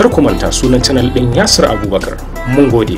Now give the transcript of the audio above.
kar ku manta sunan canal ɗin Yasir Abubakar. Mun gode.